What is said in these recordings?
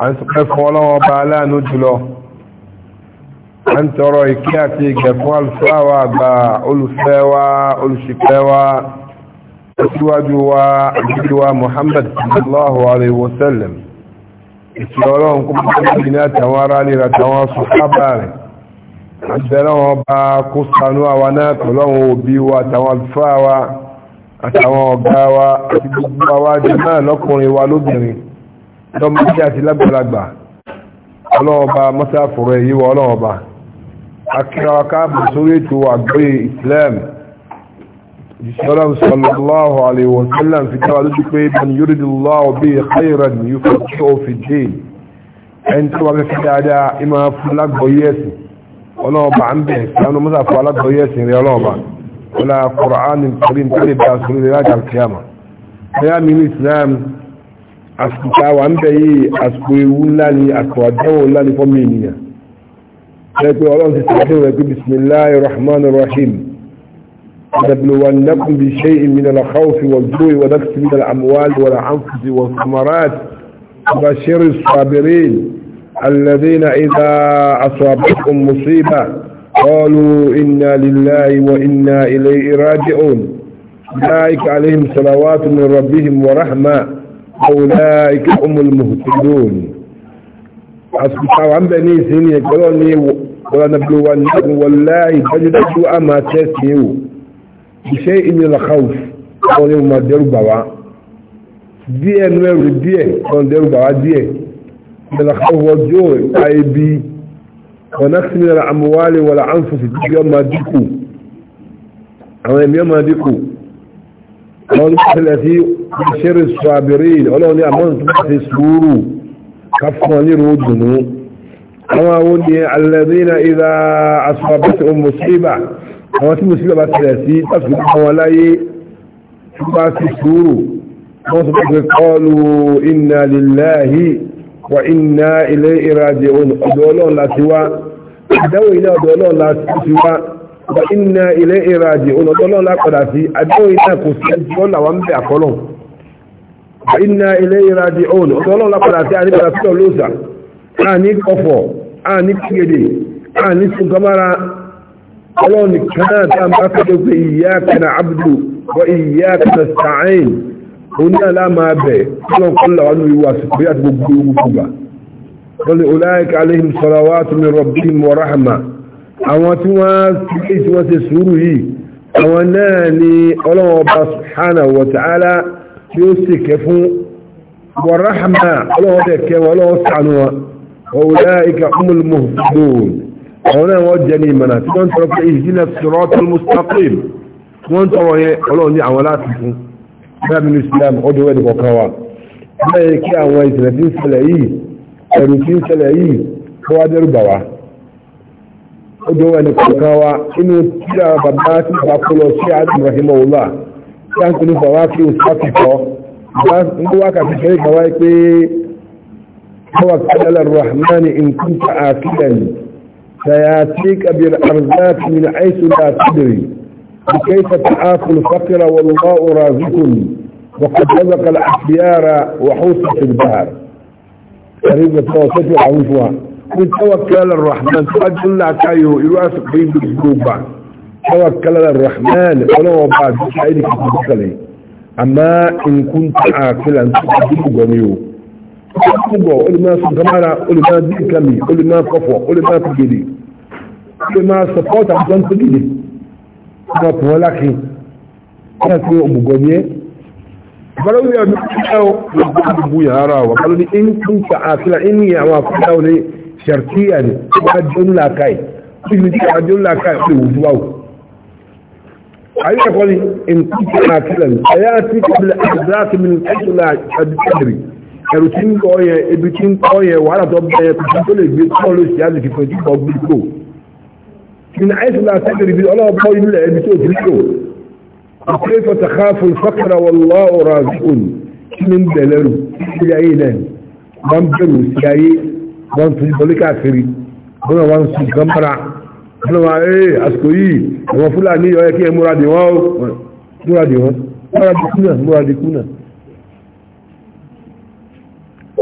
a ń sọpẹ́ fún ọlọ́wọ́ bá aláàánú jùlọ a ń tọrọ ìkẹ́ àti ìgẹ̀ fún alùfáàwà àgbà olùfẹ́ wa olùṣìpẹ̀ wa síwájú wa àjíjú wa Muhammad sallallahu alaihi wasallam ìṣẹ́ ọlọ́run kó mọ́ ní àtàwọn ará lè ràtàwọn sọ́sábà rẹ̀ àbẹ̀lọ́wọ́n bá kó sanú àwa náà pẹ̀lọ́wọ́n òbí wa àtàwọn alùfáà wa àtàwọn ọ̀gá wa àti gbogbo àwa jẹ́ náà lọ́kùnrin wa lóbìnrin lọ́mọ tí a ti lágbàlagbà ọlọ́ọba mọ́sáfọ̀rọ̀ èyíwọ̀ ọlọ́ọba akírawaka ètò àgbóyè Islam sallallahu alaihi wa fi dáwà lójú pé man yuridillahu bihi khayran yufaqihu àsìkò wà ń bẹ̀ yìí ewu ńlá ni ńlá ni fọ́mù ènìyàn ọlọ́run ti rẹ̀ pé bisimilahi rahim نبلونكم بشيء من الخوف والجوع ونقص من الأموال والأنفس والثمرات وبشر الصابرين الذين إذا أصابتهم مصيبة قالوا إنا لله وإنا إليه راجعون أولئك عليهم صلوات من ربهم ورحمة أولئك هم المهتدون أسكتوا عن بني سيني يقولوني ولنبلونكم والله تجدوا أما تسمعوا بشيء من الخوف قولوا ما ديروا بوا díẹ̀ nú ẹ̀rù díẹ̀ kan dẹ̀rù bàwá díẹ̀ ìlàkọ̀wọ̀ jọ àìbí ọ̀nàkìmìnà àmúwálé wà láàánfòsì tí ó máa dínkù àwọn ṣẹ́rẹ̀ sọ́abẹ̀rẹ̀ ọlọ́run ní àmọ́ tó bá ti sùúrù ká fún wọn nírò dùnú àwọn àwọn ní alẹ́dínà ìlà asọ́abẹ̀tẹ̀ mùsíbà àwọn tí mùsíbà bá tilẹ̀ sí tàbí àwọn aláyé tó bá ti sùúrù wọ́n sọ pé kọlu inna lillahi wa inna ilayhi raji'un ọ̀dọ̀ ọlọ́run láti wá ìdáwò iná inna ilayhi raji'un ọ̀tọ́lọ́run lápàdà tí a ní padà sílọ̀ lóòsà a ní kọfọ̀ a ní kígede a ní ṣùgbọ́mára ọlọ́run kanáà tí a máa fẹ́ pé iyyaka na'budu wa iyyaka nasta'in òun náà láàmà bẹ̀ ọlọ́run kọlọ̀ wọn ní wà sípò àti gbogbo gbogbo wọ́n ulaika alayhim salawatu min rabbihim tí ó sì kẹ fún wọ̀ráhàmà ọlọ́wọ́ tẹ̀ kẹ wọn ọlọ́wọ́ sànú wọn ọ̀wùdá ìkà umul muhtadun àwọn náà wọ́n jẹ́ ní ìmọ̀nà tí wọ́n tọrọ pé ìdílé siratal mustaqim wọ́n tọrọ yẹn ọlọ́wọ́ ní àwọn láti fún bẹ́ẹ̀ nínú islam ọdún wẹ́ẹ̀dì kọ̀ọ̀kan wa bẹ́ẹ̀ kí àwọn tí ń ṣẹlẹ̀ tí ń ṣẹlẹ̀ kọlọ sí adam rahimahullah ní pé توكل الرحمن إن كنت آكلا سياتيك بالأرزاق من حيث لا تدري وكيف تآكل الفقر والله رازق وقد رزق الأحيار وحوصة البحر قريب التوسط وحوصها من توكل الرحمن تقدم لك أيه إلواسك بين بالجوبة توكل على الرحمن ولو بعد سعيدك تبكلي أما إن كنت عاقلا تبكلي غنيو تبكلي قل ما سجمارا قل ما ديكمي قل ما قفوة قل ما تجدي قل ما سفوت عشان تجدي ما تولكي أنا تقول أبو غنيه فلو يا بيو أبو يهارا وقالوا لي إن كنت عاقلا إني أوافقه لي شرطيا بعد جملة كاي تجدي بعد جملة كاي قل وجواو ان أي أخوذي إن كنت ناكلا أياتي قبل أحداث من الأجل الأجل الروتين قوية الروتين قوية وعلى ضبط يتكلم كل البيت قولوا سيادة في فنجيب أبليكو من عيس لا تدري في يعني الله أبو يقول لها أبليكو تلكو وكيف تخاف الفقر والله رازقون من دلالو ان أين وان بلو ان وان تجيب لك ان وان سيادة ọlọ́wà ee àsìkò yìí àwọn fúlàní ọ̀yẹ́ kí ẹ múra dè wọ́n múra dè wọ́n múra dè kúnà múra dè kúnà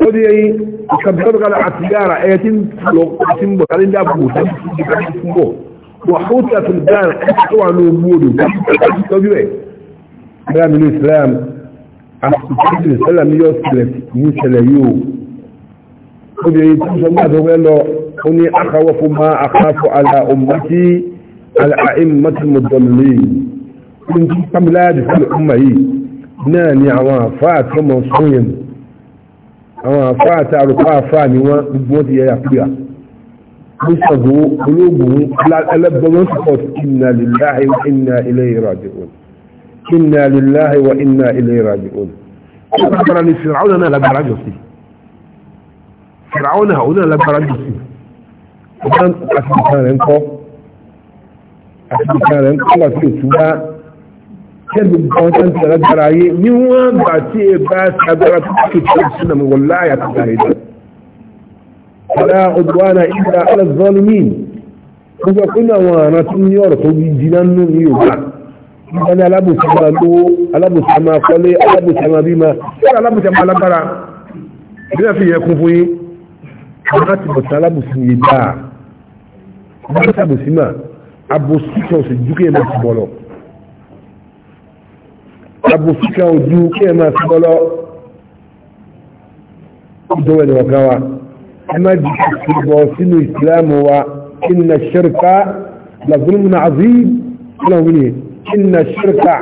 ó dé yẹn ìkàbíkọ́bíkọ́lá àti yára ẹ̀yẹ tí ń lọ sí ń bọ̀ kálí dáàbò tàbí sí ìdíkàbí fún bọ̀ tó wà ní obìnrin tó sọ máa dọ̀wẹ́ lọ ó ní akáwọ́fún máa akáfọ́ ala ummati al-a'immati mudallin ní tí pàmìláàdì fún ọmọ yìí náà ni àwọn àfáà tó mọ̀ fún yẹn àwọn àfáà tá àrùkọ́ àfáà ni wọ́n gbogbo ti yẹra pìyà ó sọ̀gbọ́ ológun ẹlẹ́bọ̀n support inna lillahi wa inna ilayhi raji'un inna lillahi wa inna ilayhi raji'un ó kàkàrà ní fìràwọ́n náà lágbára jọ sí i fìràwọn náà òun náà lágbára jù sí ọgbọ́n àti ìkan rẹ̀ ń kọ́ àti ìkan rẹ̀ ń kọ́ láti òtún bá kẹ́lù gan tó ń tẹ̀ lágbára ayé níwọ̀n gbà tí ẹ bá sagbára tó kí tó sí nà mọ̀ láyà tó gbà rẹ̀ ọ̀dà ọdúnwánà ìgbà alẹ́zọ́límìn gbogbo pín àwọn alábùsàmà lówó alábùsàmà kọ́lé alábùsàmà bímọ alábùsàmà alágbára ìgbà fi yẹ kún fún yín láti bọ̀ sí alábòsí yìí dáa wọ́n bá sàbòsí mà àbòsí kan sì ju kéèyàn máa ti bọ̀ lọ àbòsí kan ò ju kéèyàn máa ti bọ̀ lọ ìdọ́wọ́ ẹ̀dọ̀ ọ̀gá wa ẹ má di ìbọ̀ sínú ìsìlámù wa inna ash-shirka la zulmun ìlànà wíyẹn inna ash-shirka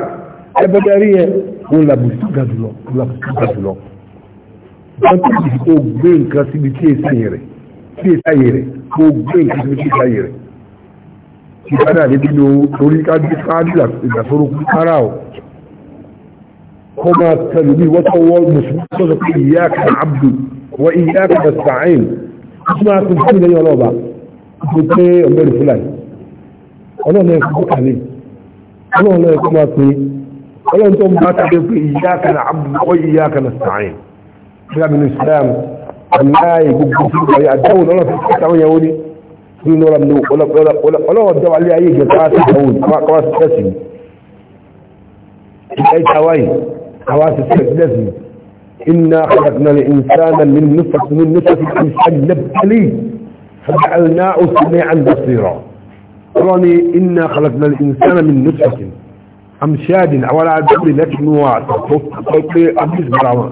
ẹbẹ̀dẹ̀ rí yẹn wọ́n làbòsí gàdùlọ̀ wọ́n ti di kó gbé nǹkan síbi tí èsì yẹn rẹ̀ tí èsì ayé rẹ̀ kó gbé nǹkan síbi tí èsì ayé rẹ̀ ìbádà níbi ló orí kájú kájú ìgbàsórúkú ara ọ̀ kó máa tẹ̀lé bí wọ́n tó wọ́n mùsùlùmí tó sọ pé ìyá kan abdu wọ́n ìyá kan sàáìn ó máa tún fún ìlẹ́yìn ọlọ́ọ̀bá tó pé ọ̀gbẹ́rì fúlàní ọlọ́ọ̀nà ẹ̀kọ́ kàlẹ́ ọlọ́ọ̀nà ẹ̀kọ́ máa pé ọlọ́ọ̀nà islam ní islam aláì gbogbo tí ó yà dáwò lọ́rọ̀ fi kẹta wọn yàwó ní nínú ọlọ́wọ́ dáwà lé ayé ìgbẹ̀ta àti ìdáwò kọwàá sí tẹ́sì ìgbẹ̀ ìtawáyì kọwàá sí tẹ́sì إنا خلقنا الإنسان من نفس من نفس الإنسان نبتليه فجعلناه سميعا بصيرا راني إنا خلقنا الإنسان من نفس أمشاد أولا عدد لكن هو أبيس برامان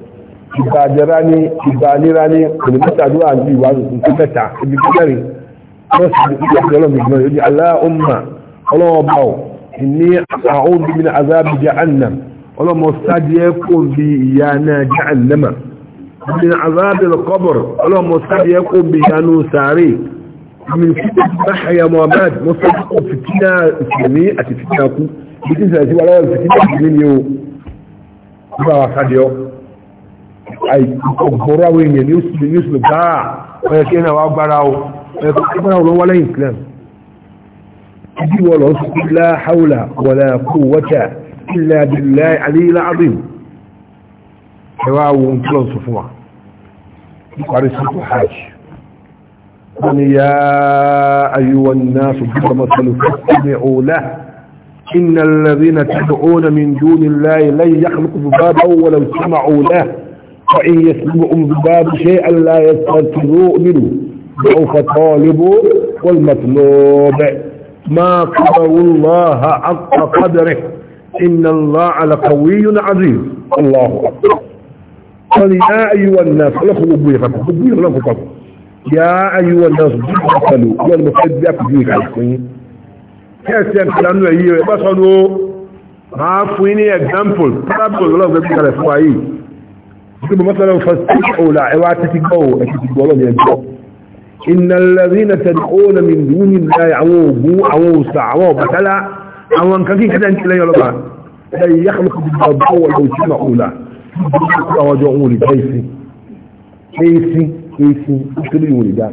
ìgbàjẹrá ní ìgbàlera ní olùmọ́tàdúrà àti ìwàlù nǹkan mẹ́ta ibi kẹrin wọ́n sì ní ìyàtọ̀ ọlọ́mọ ìgbìmọ̀ yóò di aláhùnmá ọlọ́mọba ò ní àwọn obìnrin azábi jẹ́ annam ọlọ́mọ sádìẹ́ kò bí ìyá náà jẹ́ annama obìnrin azábi lọ́kọ́bọ̀r ọlọ́mọ sádìẹ́ kò bí ìyá náà sáré min fitin bahaya muhammad musa kò fitina ìsinmi àti fitina kú bí tí sàrẹ̀ sí wà lọ́wọ́ fitina ìsinmi ni ó bá wa sádìẹ́ àìkọ̀gbọ́rọ̀ àwọn èèyàn ní oṣù ní oṣù gbáà ọ̀yẹ́ kí náà wá gbára o ọ̀yẹ́ kí náà wọ́n wọ́lẹ̀ islam ìdí wọ́n lọ sí ilá haula wala quwwata illa billahi aliyyil azim ẹwà wọn tí lọ sọ fún wa níparí sọ́tò hajj wọ́n ni yá ayyuwan nasu bí wọ́n mọ́sálù fún ọ̀la إن الذين تدعون من دون الله لن يخلقوا ذبابا ولو سمعوا له فإن يسمعهم بباب شيئا لا يستطيعوا منه ضعف الطالب والمطلوب ما قدروا الله حق قدره إن الله لقوي عزيز الله أكبر قال يا أيها الناس لكم أبويكم أبويكم لكم يا أيها الناس بطلوا والمصدق بيك عليكم kẹ́ẹ̀sì ẹ̀kìlánú ẹ̀yí rẹ̀ bá sọ́dọ̀ máa example parable lọ́gbẹ̀ẹ́ bí kalẹ̀ fún كما مثلا فاستمعوا لعواتك قوة إن الذين تدعون من دون الله يعوبوا أو سعوا مثلا أو أن كثير كذا أنت لا يلقى أي يخلق بالضبط ولو سمعوا له وجعوا لي كيسي كيسي كيسي كل يوم لي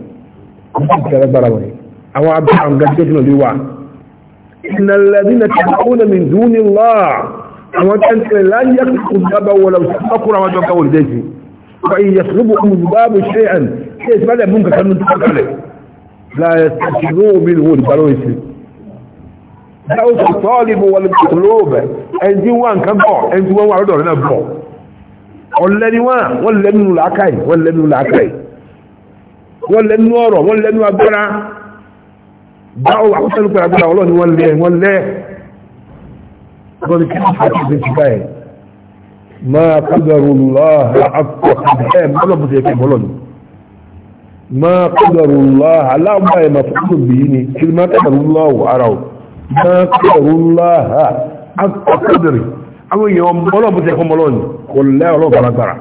كذا براوني أو عبد عن قد يجنوا لي إن الذين تدعون من دون الله àwọn tẹ́ntẹ́ láyé yẹ́kùn dábà wọlé ọkùnrin àwọn jọka wọlé dẹ́jì fa ìyẹ̀sùlùbù olùgbàbù ṣe àn ṣe ìsìnlẹ̀ mú nǹkan nínú tọ́kàlẹ̀ láyé tẹ̀sílú omi ìwò olùgbàrò ìsìn dáwọ́ sọ tọ́ọ̀lìbù wọlé kòlóòbẹ̀ ẹni wà nǹkan bọ̀ ẹni wọ́n wà lọ́dọ̀ rẹ̀ náà bọ̀ ọ̀lẹ́ni wà wọ́n lẹ́nu ما قدر الله حق قدره ما لبس يكبلون ما قدر الله لا ما مفعول به كلمة قدر الله أراه ما قدر الله حق قدره أو يوم ما لبس يكبلون لا الله فلا ترى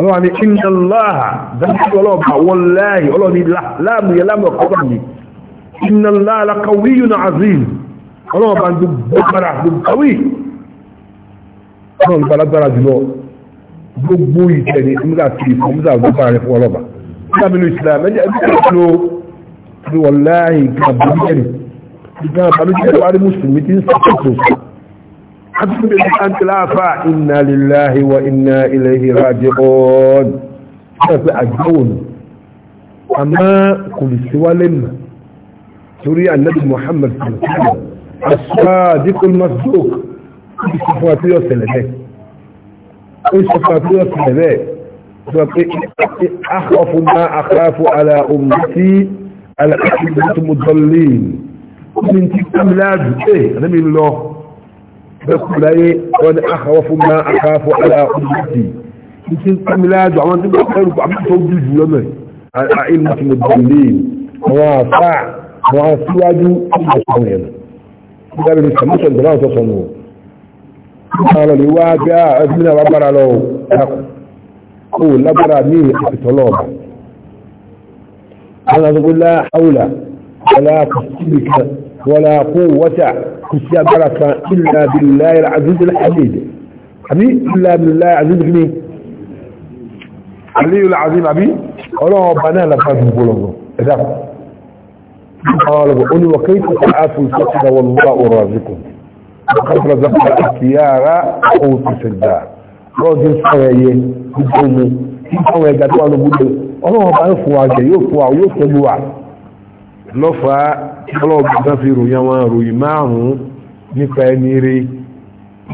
يعني إن الله ذلك الله والله الله لا لا يلام قدره إن الله لقوي عظيم ọlọ́wọ́ bá ń tó gbọ́gbára gbogbo ọlọ́wọ́ gbalagbára jùlọ gbogbo ìtẹ̀ ní ọmọdé àti ìfọ̀mọdé gbọ́gbára rẹ̀ fún ọlọ́ba ìsàmìlú islam ẹjẹ́ ẹbí kan ló ti wọ̀ láàyè kan àbúrúkẹ́ ni ìgbà àbúrúkẹ́ wà ní mùsùlùmí ti ń sàkóso àtúntò ní àǹtìláàfà inna lillahi wa inna ilayhi raji'un ṣe pé annabi muhammad sallallahu alaihi wa sallam الصادق المصدوق بصفاته وسلبه بصفاته وسلبه أخاف ما أخاف على أمتي الأحبة المضلين من تكتم لاجه إيه نمي الله بقول إيه وأنا أخاف ما أخاف على أمتي من تكتم لاجه عمان تبقى خير وعمان توجي جلمي الأحبة المضلين وافع وافع وافع وافع gbẹ́rẹ̀ ní commission tó láwùjọ sọ̀nù ọ̀rọ̀ lè wá bí a ẹgbẹ́ náà lágbára lọ kó lágbára ní àpìtọ́lọ̀ ọ̀bà wọn àti gbọ́lá haúlà wọlá kò sí nìkan wọlá kó wọ́tà kò sí agbára kan ilà bìláyà àzúzìlá àlèdè àbí ilà bìláyà àzúzìlá ní àlèyàn àzúzìlá àbí ọlọ́wọ́ ọba náà lápá ju gbọ́lọ́gbọ́ ẹ̀dá قال وقل وكيف تعافوا الفقر والله رازقكم وقد رزقنا الخيار قوت في الدار رجل سويه بجومه ìfọwọ́ ẹ̀dà tó wà ló gbúdọ̀ ọlọ́wọ́ bá ń fún àjẹ́ yóò fún àwọn yóò tọ́jú wa lọ́fà ọlọ́ọ̀bùdá fi ròyìn àwọn ròyìn márùn-ún nípa ẹni rí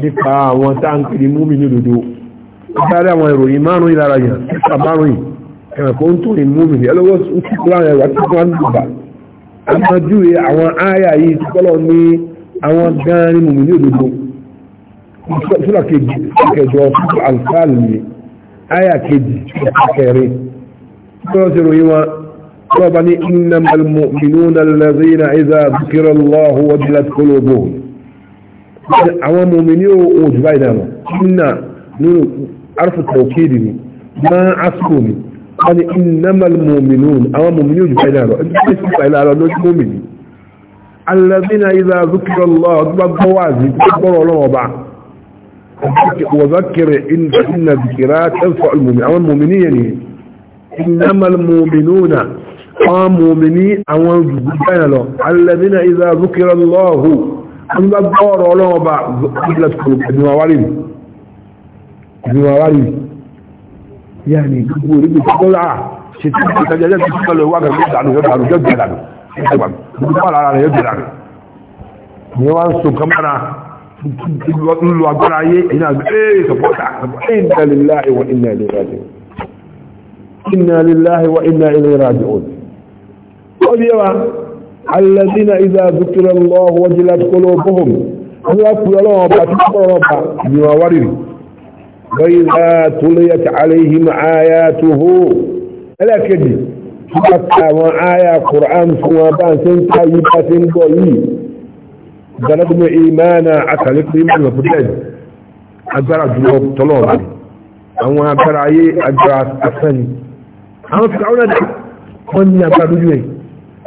nípa àwọn táǹkìrì múmi ní òdòdó gbára àwọn ìròyìn márùn-ún ìlara yàn nípa márùn-ún ẹ̀rẹ̀kọ́ ń tó ìmúmi ẹlọ́wọ́ ń kíkọ́ àwọn ẹ̀wà tí wọ́n ń lùbà àmàjúwe àwọn àyà yìí tí kọ́lọ̀ ní àwọn gan ní mùmí ní òdòdó sọ́lá kẹjọ fún alfáàlì ní àyà kejì kẹrin kọ́lọ̀ sí ròyìn wọn kọ́lọ̀ bá ní innamal mu'minuna allazina idha dhukira Allahu wajilat qulubuhum ni máa asùkò ni قال إنما المؤمنون أو المؤمنون بإلاله أنتم يسمى إلاله أنه مؤمن الذين إذا ذكر الله أكبر بوازي تكبر الله وبع وذكر إن إن ذكرا تنفع المؤمن أو المؤمنين إنما المؤمنون أو المؤمنين أو المؤمنين الذين إذا ذكر الله أكبر الله وبع ذكر الله وبع ذكر الله وبع ذكر الله وبع yàní gbogbo orílẹ̀ tó kọ́lá ṣe tí ó kọjá jẹ́ tí ó lọ wà pẹ̀lú ìdàlù yóò dàlù yóò dàlù gbogbo wà lára rẹ̀ yóò dàlù ni wọ́n ń so kamara lu agbára ayé ẹ̀yìn àgbẹ̀ ẹ̀ sọ̀pọ̀tà inna lillahi wa inna ilayhi raji'un inna lillahi wa inna ilayhi raji'un ó yẹ wa alladhina idha dhukira Allahu wajilat qulubuhum wọ́n wá kúrò lọ́wọ́ ọba tí وإذا تليت عليهم آياته ألا كدي حتى وآية قرآن سوابان سنتا يبا سنبوي ضربنا إيمانا عقلت إيمان وفتاج أجرى جنوب طلوب أو أجرى أي أجرى أسن أو تقعونا دع من أجرى جوي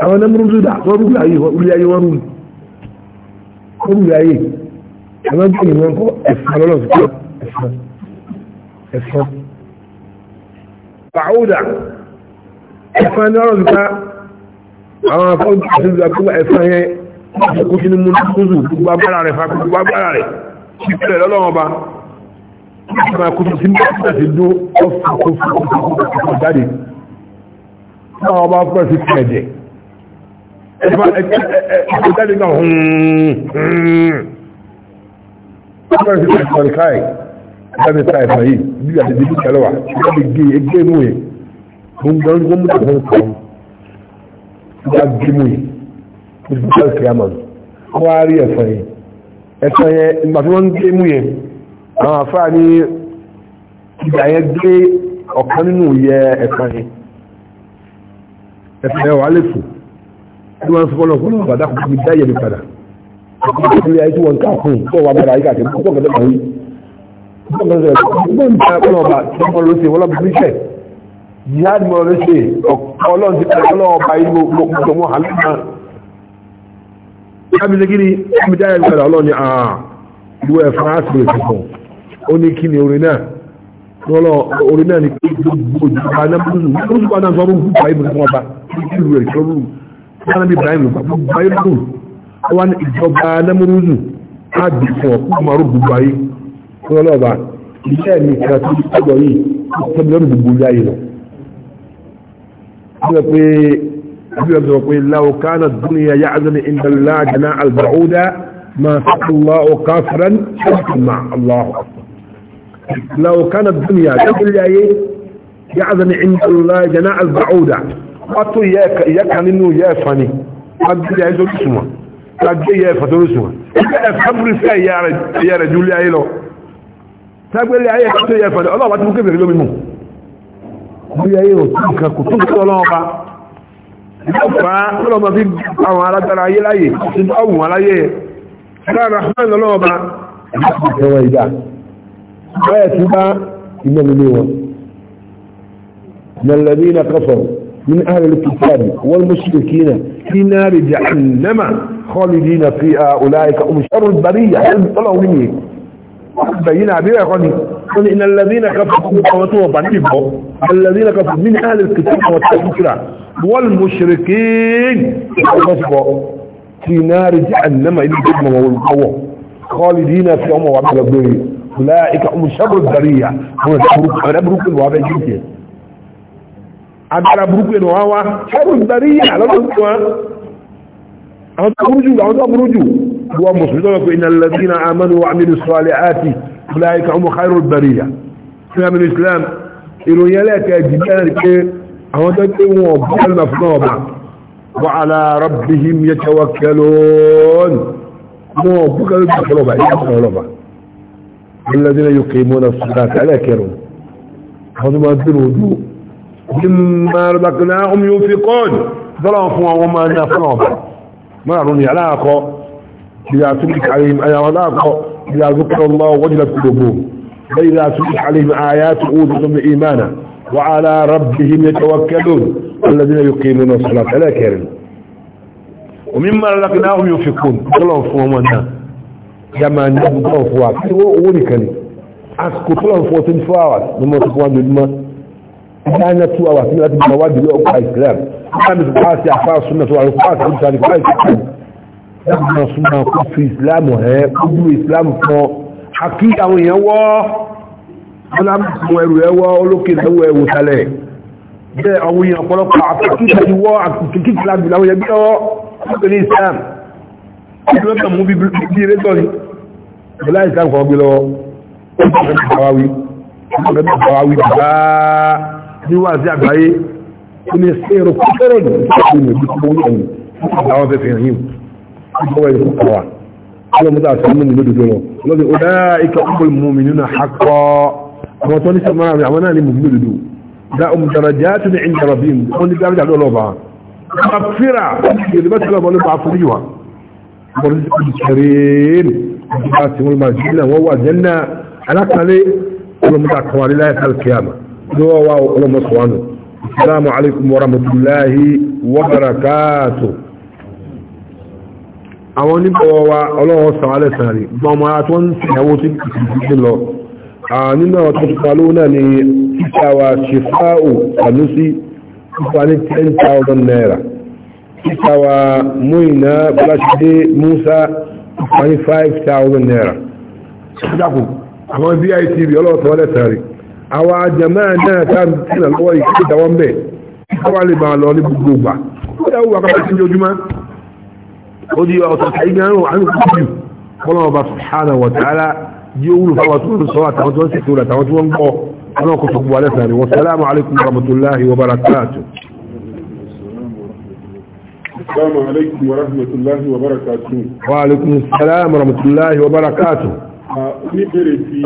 أو نمرو دا ورول أي ورول أي ورول ورول أي أما جميعا أسفل أيوة، أيوة أيوة. الله سبحانه ẹ̀fọ́ bàúdà ẹ̀fọ́ ní ọ̀rọ̀ nípa àwọn afọ́gbà ẹ̀fọ́ yẹn kó sínú mú kúzù gbogbo agbára rẹ̀ fa gbogbo agbára rẹ̀ sípẹ̀lẹ̀ lọ́lọ́wọ́ba ma kúrò sí mẹ́sàtì ló ọ̀fọ̀kọ̀fọ̀kọ̀ jáde náà ọba pẹ̀lú sí ẹ̀jẹ̀ ẹ̀fọ́ jáde náà hùn hùn lábẹ́ sáà ẹ̀fà yìí bí àti ibi kẹlẹ́ wà lábẹ́ gé egé e mú yẹ e. mo ń gbọ́n mo mú tó fún kàn mo bá gé e mú yẹ mo ti fẹ́ kí a mọ̀ kó wá rí ẹ̀fà yìí ẹ̀fà yẹn ìgbà tí wọ́n ń gé mú yẹ àwọn afáà ní ìgbà yẹn gé ọ̀kan nínú yẹ ẹ̀fà yẹn ẹ̀fà yẹn wà á lè fò bí wọ́n sọ fọ́nà bàdá kò fi dá yẹ mi padà ọkùnrin ayé tí wọ́n ká fún un kó wà á ayé kàtẹ́ kó tó kẹ́tẹ́ kàwé jihad mọ̀ ló ṣe ọlọ́run ti pẹ̀lú ọlọ́ọ̀bá yìí gbogbo mọ̀ hàlùmá ẹbìsẹ̀ kí ni ẹbìsẹ̀ ayẹ́ ìpẹ̀lẹ̀ ọlọ́run ni àà ìlú ẹ̀fà àṣìlẹ̀ ìfẹ̀kọ̀ ó ní kí ni orin náà orin náà ni gbogbo ìjọba náà gbogbo náà sọ́rọ̀ gbogbo ayé gbogbo ọba ìlú rẹ̀ sọ́rọ̀ gbogbo ibrahim gbogbo ayé gbogbo ọwọ́ ìjọba náà mú ọlọ́ba iṣẹ́ mi kan tó ọgbọ̀ yìí ó tẹ́mi lọ́nà gbogbo ilé ayé lọ. wọ́n pe àbí ọ̀sọ̀ pé láwọ̀ kánà dúnìyà yá azẹ́ni ìdàlá àjẹ́nà àlbàúdá máa sọ́kùnlá ọ̀ká fẹ́rẹ́n ṣẹ́kùnmá aláhùn. láwọ̀ kánà dúnìyà tẹ́kùnlé ayé yá azẹ́ni ìdàlá àjẹ́nà àlbàúdá wọ́n tó ìyá kan nínú ìyá ẹ̀fà ni wọ́n gbé ìyá ẹ̀fà tó lùsùn wọn. ìyá ẹ̀fà tó lùsùn wọn. ìyá ẹ̀fà tágbélé ayé tó yẹ fẹ̀lẹ̀ ọlọ́ọ̀bá tí mú kébèrè lómi mú bí ayé ò tún kan kò tún kí ọlọ́ọ̀bá ìjọba ọlọ́ọ̀bá fi àwọn alágbára ayé láyè tí ó wù wọn láyè lára hàn lọ́ọ̀bá ìjọba ìjà báyẹ̀ tí bá ilé nílé wọn الذين كفروا من أهل الكتاب والمشركين في نار جهنم خالدين فيها أولئك هم شر البرية طلعوا مني بين أبي أخواني قل إن الذين كفروا قوته وبنبه الذين كفروا من أهل الكتاب والتكفر والمشركين وبنبه في نار جهنم إلى الجنة والقوة خالدين في أمه وعبد أنا أولئك هم شر البرية هم أبروك أنا أبروك الوابع جنتي أنا أبروك الوابع شر البرية لا تنسوا أنا تخرجوا أنا تخرجوا هو مسلمون إن الذين آمنوا وعملوا الصالحات أولئك هم خير البرية إسلام الإسلام إنه يلاك جدال أهدك وعلى ربهم يتوكلون الذين يقيمون الصلاة على كرم هذا ما الدين وجوه مما رزقناهم ينفقون فلا فوا وما نفقهم ما رون يلاقوا إذا تلك عليهم أي ولاقه إذا ذكر الله وجلت قلوبهم فإذا تلك عليهم آيات أوذتهم إيمانا وعلى ربهم يتوكلون الذين يقيمون الصلاة لا كرم ومما لقناهم يوفقون الله فهم أنا كما نبقى الله فواك وولك لي أسكت الله فوتين فواك لما تقوان بالماء كان تو أواتين أتبقى وادي لأقع إسلام كان سبحانه يعفى السنة وعلى القاتل ẹgbùn súnmọ́ kó fi ìsìláàmù ẹ kójú ìsìláàmù fún àkí àwọn èèyàn wọ́ ọlámùsùn ẹrù ẹwọ́ olókè lẹ́wọ́ ẹwò tẹ́lẹ̀ bẹ́ẹ̀ àwọn èèyàn ọ̀pọ̀lọpọ̀ àkíkì wọ́ àkíkì ìsìláàmù láwọn ẹbí ọwọ́ ní ìsìláàmù ìsìláàmù mú bí bí rétọ́ ni ìbílá ìsìláàmù kan gbé lọ́wọ́ ó bá fẹ́ bàwáwí ó fẹ́ bàwáwí bàbá níwáàzí àgbáyé ó ní sẹ́rọ̀ kọ́kẹ́rọ̀ ní ìsìláàmù هو الفقراء على مدى سلمون لدودو الذي أولئك هم المؤمنون حقا أما توني سمعنا من عمنا لمؤمنون دودو لهم درجات عند ربهم قولي بلا بدأ لولو بها مغفرة يلبس لهم ولو بعفريوها ورزق الكريم الجباسي والمرجلة وهو جنة على كالي ولم تقوى لله القيامة هو ولم سبحانه السلام عليكم ورحمة الله وبركاته àwọn onígbọ̀wọ́ wa ọlọ́wọ́ sàwálẹ̀ sàárì gbọmọ àtọ́ ń tẹ̀yàwó tí kìí lọ nínú àwọn tó tuta ló náà ni títà wa ṣefáò ànúsí pípa ní 10,000 naira títà wa múìnà bọ́láṣídé musa pípa ní 5,000 naira ṣíkàkù àwọn vitv ọlọ́wọ́ sàwálẹ̀ sàárì àwọn àjẹmọ́ náà tá tẹ̀lẹ̀ lọ́wọ́ ìkíkẹ́ ودي وتحيينا وعنه كتير قال الله سبحانه وتعالى يقول فواتون الصلاة تمتون ستولة تمتون بو أنا كتب ولساني والسلام عليكم ورحمة الله وبركاته السلام عليكم ورحمة الله وبركاته وعليكم السلام ورحمة الله وبركاته oníbèrè ti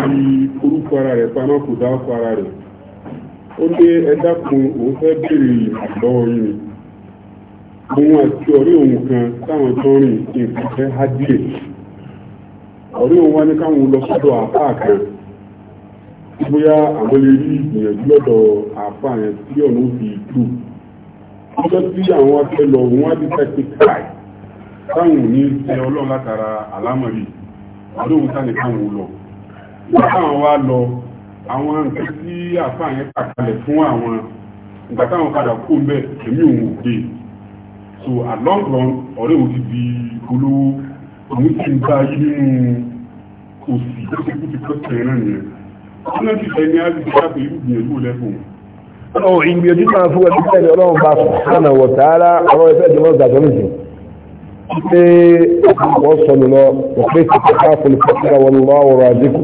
orúkọ ara rẹ̀ paná kò dá ọkọ̀ ara rẹ̀ ó lé ẹ̀dá kun òun fẹ́ bèrè àlọ́wọ́ yìí àwọn ati ọ̀rí òun kan táwọn tó rìn ìfẹ́ hajjé ọ̀rí òun wá ní káwọn lọ sọ́dọ̀ kan bóyá àwọn lè rí ìgbìyànjú lọ́dọ̀ àfáà yẹn tí ọ̀nà ó fi tú ọjọ́ tí àwọn akẹ́ lọ òun wá bí tẹ́tí káì táwọn ò ní ṣe ọlọ́run látara àlámọ̀rí lọ nígbà táwọn wá lọ àwọn nǹkan tí yẹn fún àwọn táwọn padà kú bẹ́ẹ̀ so at long run ọ̀rẹ́ òun ti di olówó òun ti ń bá yí nínú òsì tó ti kú ti pẹ́sẹ̀ náà nìyẹn ọ̀nà ti fẹ́ ní àti ìjọba pé irú ìgbìyànjú lẹ́fún ọ̀ ìgbìyànjú máa fún ẹbí tẹ́lẹ̀ ọlọ́run bá sọ̀rọ̀ wọ̀ tààrà ọ̀rọ̀ ìfẹ́ ìjọba ìgbàjọ́ nìyẹn pé wọ́n sọ lọ ọ̀pẹ́ ìtàkà fòlùfẹ́sìlá wọn lọ́wọ́ ọ̀rọ̀ àdínkù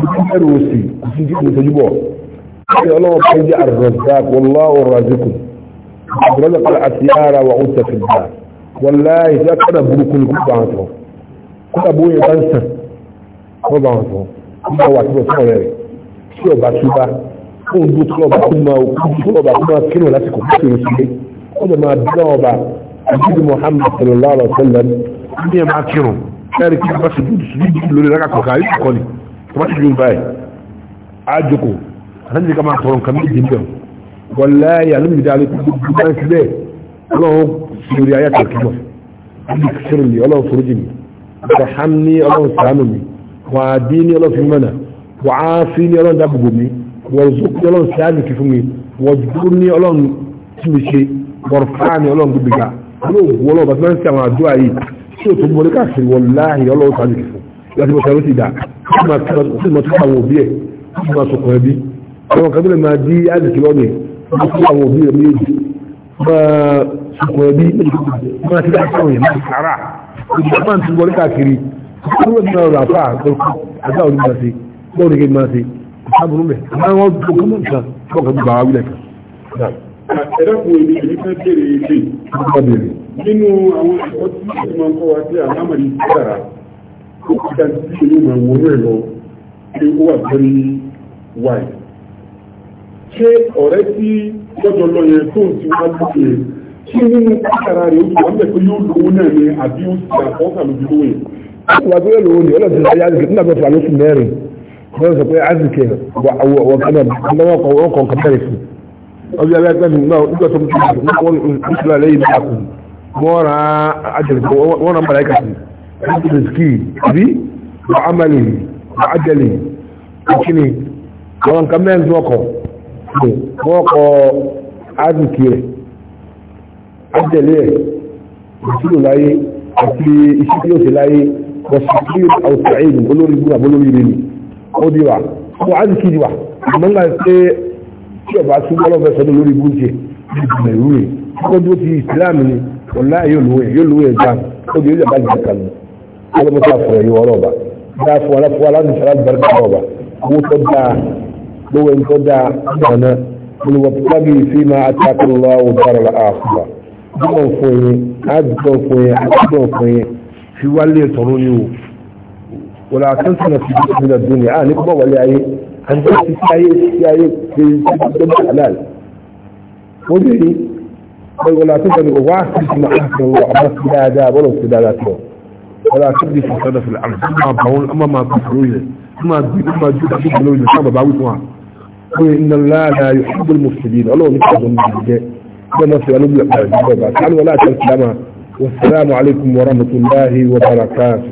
ìgbìyànjú òsì ìgbìyànjú ìṣẹ́jú bọ̀ ọlọ́run bá jẹ́ àrùn رزق الأسيار وعدت في الدار والله إذا كان أبوكم كبعته كل أبوي أنسى كبعته كل أبوي أنسى tí ọba tí bá fún ojú tí ọba tó máa òkú tí ọba tó máa kírun lásìkò tó ń sílé ó lè máa dán ọba àjíbi Muhammad sallallahu alaihi wa sallam ní ẹ máa kírun kẹrin kí bá ṣe dúdú sílé jù lórí rákà kọkà yìí kọ ni tó bá ti dùn báyìí á máa tọrọ nǹkan méjì ń bẹ̀rù wọláyà ló ń darí kúrò bá ń síbẹ̀ ọlọ́run lórí ayé àtẹ̀kímọ̀ àbí kìsìrì mi ọlọ́run foríjì mi ọ̀hán ní ọlọ́run sàánù mi wàá dí ní ọlọ́run fi mọ̀nà wàá sí ní ọlọ́run dábòbò mi wọ̀rọ̀zókù ní ọlọ́run sàánù kì fún mi wọ̀dú ní ọlọ́run tí mi ṣe wọ̀rọ̀fáà ní ọlọ́run gbogbo ga olóògùn ọlọ́run bàtí wọ́n ń ṣe àwọn àdúrà yìí tí ò tó mọ́ ní káàkiri wọláyà ọlọ́run sàánù kì fún máa fún àwọn òbí rẹ̀ méjì máa sùkùn ẹbí máa ti dá sáwọn yẹn máa sàárà ìgbà máa ti wọlé káàkiri ìgbà tí wọ́n rà fà àgbà òní máa ṣe bọ́ọ̀ ní kí n ṣe ìsáàbùrú mẹ́ àwọn ọmọ tó kọ́ mọ́ nǹkan tó kọ́ bí bàá wílẹ̀ kan. ẹ̀rẹ́kùn èdè èyí fẹ́ bèèrè èdè nínú àwọn ẹ̀kọ́ tí ìṣẹ́ máa ń kọ́ wa sí àlámàrí dára ó wọ́n rẹ̀ lọ pé ṣé ọ̀rẹ́ tí lọ́jọ́ lọ yẹn tó ti wá lókè kí nínú kátàrà rẹ̀ oṣù wọn pẹ̀lú yóò lówó náà ni àbí ó ti àkọ́kà lójú lówó yẹn. wà á gbé lówó ni ọlọ́dún ti sáyà àzìkè nígbà tó wà lóṣù mẹ́rin wọ́n sọ pé àzìkè wọ̀ kánà lọ́wọ́ kan wọ́n kàn kátàrà fún ọbẹ̀ abẹ́ pẹ̀lú náà nígbà tó ń tún wọ́n ń tún lálẹ́ yìí àkùn wọ́n ra àjẹlẹ̀ wọ́n ra mọ̀láyìkà sí rìsíkì àbí wọ́n amẹ́lì àjẹlẹ̀ àkíní àwọn nǹkan mẹ́rin tó ọkọ̀ wọ́n kọ ádùkì rẹ̀ átẹ̀lé ẹ̀ ìṣúlò láyé àti iṣẹ́ tí ó ṣe láyé wọ́sàkíyù àwòsàáyìn olórí gbúra olórí rẹ̀ ni ó di wà fún ádùkì di wà mọ́nà pé tí ọba súnmọ́ lọ́fẹ́ sọ ní olórí gbúnjẹ ìgbìmọ̀ ìrú rẹ̀ kókó tó ti Islam ni ọ̀la yóò lówó yóò lówó ẹ̀gbá ó di ìjọba ìjọba kan ní ọlọ́mọta fọ̀rọ̀ yìí wọ́n rọ̀ bá dáa gbogbo nǹkan dáa ọ̀nà olùwọ̀pọ̀lọ́bì sí máa àtàkùnlọ́ òbára àkùbà gbọ́n fún yẹn àgbọ̀n fún yẹn àgbọ̀n fún yẹn fi wálé tọ̀rọ̀ ni o wọ́n àtúntò náà fi dúró nílẹ̀ dúró ni a ní kọ́ wọlé ayé àti ti fi ayé fi ayé fi dọ́gba halal ó dé ní wọ́n àtúntò ni wọ́n á sì máa àtàkùnlọ́ àbá sí dáadáa bọ́lọ̀ sí dáadáa tó wọ́n àtúntò fi sọ́dọ̀ fi làánù ọmọ àbáwọn إن الله لا يحب المفسدين الله يحب المفسدين كما سألوا لك يحب ولا تسلمها والسلام عليكم ورحمة الله وبركاته